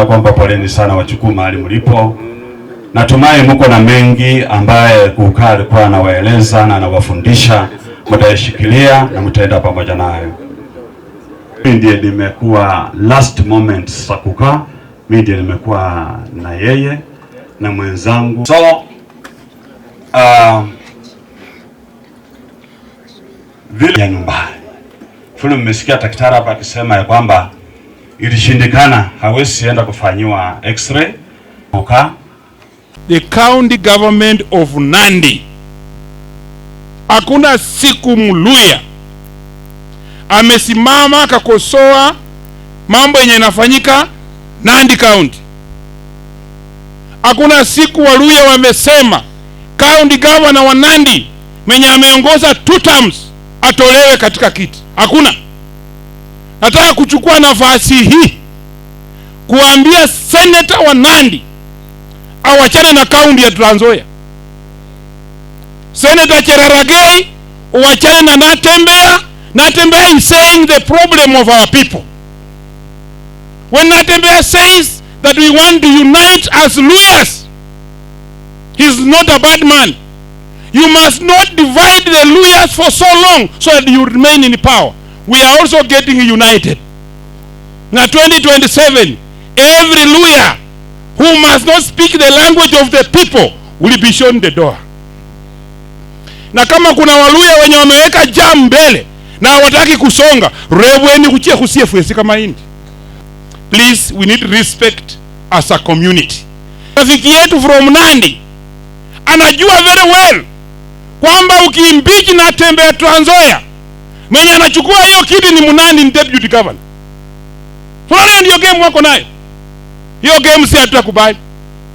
na kwamba poleni sana Wachukuu mahali mlipo. Natumai mko na mengi ambaye kukaa alikuwa anawaeleza na anawafundisha, mtayashikilia na mtaenda pamoja nayo. Mimi ndiye nimekuwa last moment sakuka, mimi ndiye nimekuwa na yeye na mwenzangu so uh, vile ya nyumbani fulu, mmesikia daktari hapa akisema ya kwamba ilishindikana, hawezi enda kufanyiwa x-ray. Oka. The county government of Nandi, hakuna siku Mluya amesimama akakosoa mambo yenye inafanyika Nandi County. Hakuna siku Waluya wamesema county governor wa Nandi mwenye ameongoza two terms atolewe katika kiti, hakuna. Nataka kuchukua nafasi hii kuambia seneta wa Nandi awachane na kaunti ya Trans Nzoia. Senator Cherargei uachane na natembea natembea is saying the problem of our people. When natembea says that we want to unite as Luyas, he's not a bad man. You must not divide the Luyas for so long so that you remain in power we are also getting united na 2027 every lawyer who must not speak the language of the people will be shown the door na kama kuna waluya wenye wameweka jam mbele na wataki kusonga reweni kuchia kusiefwesi kama indi please we need respect as a community rafiki yetu from nandi anajua very well kwamba ukiimbiji na tembea Trans mwenye anachukua hiyo kiti ni mnani ni deputy governor. Fulani ndio game wako nayo hiyo game, si hatutakubali.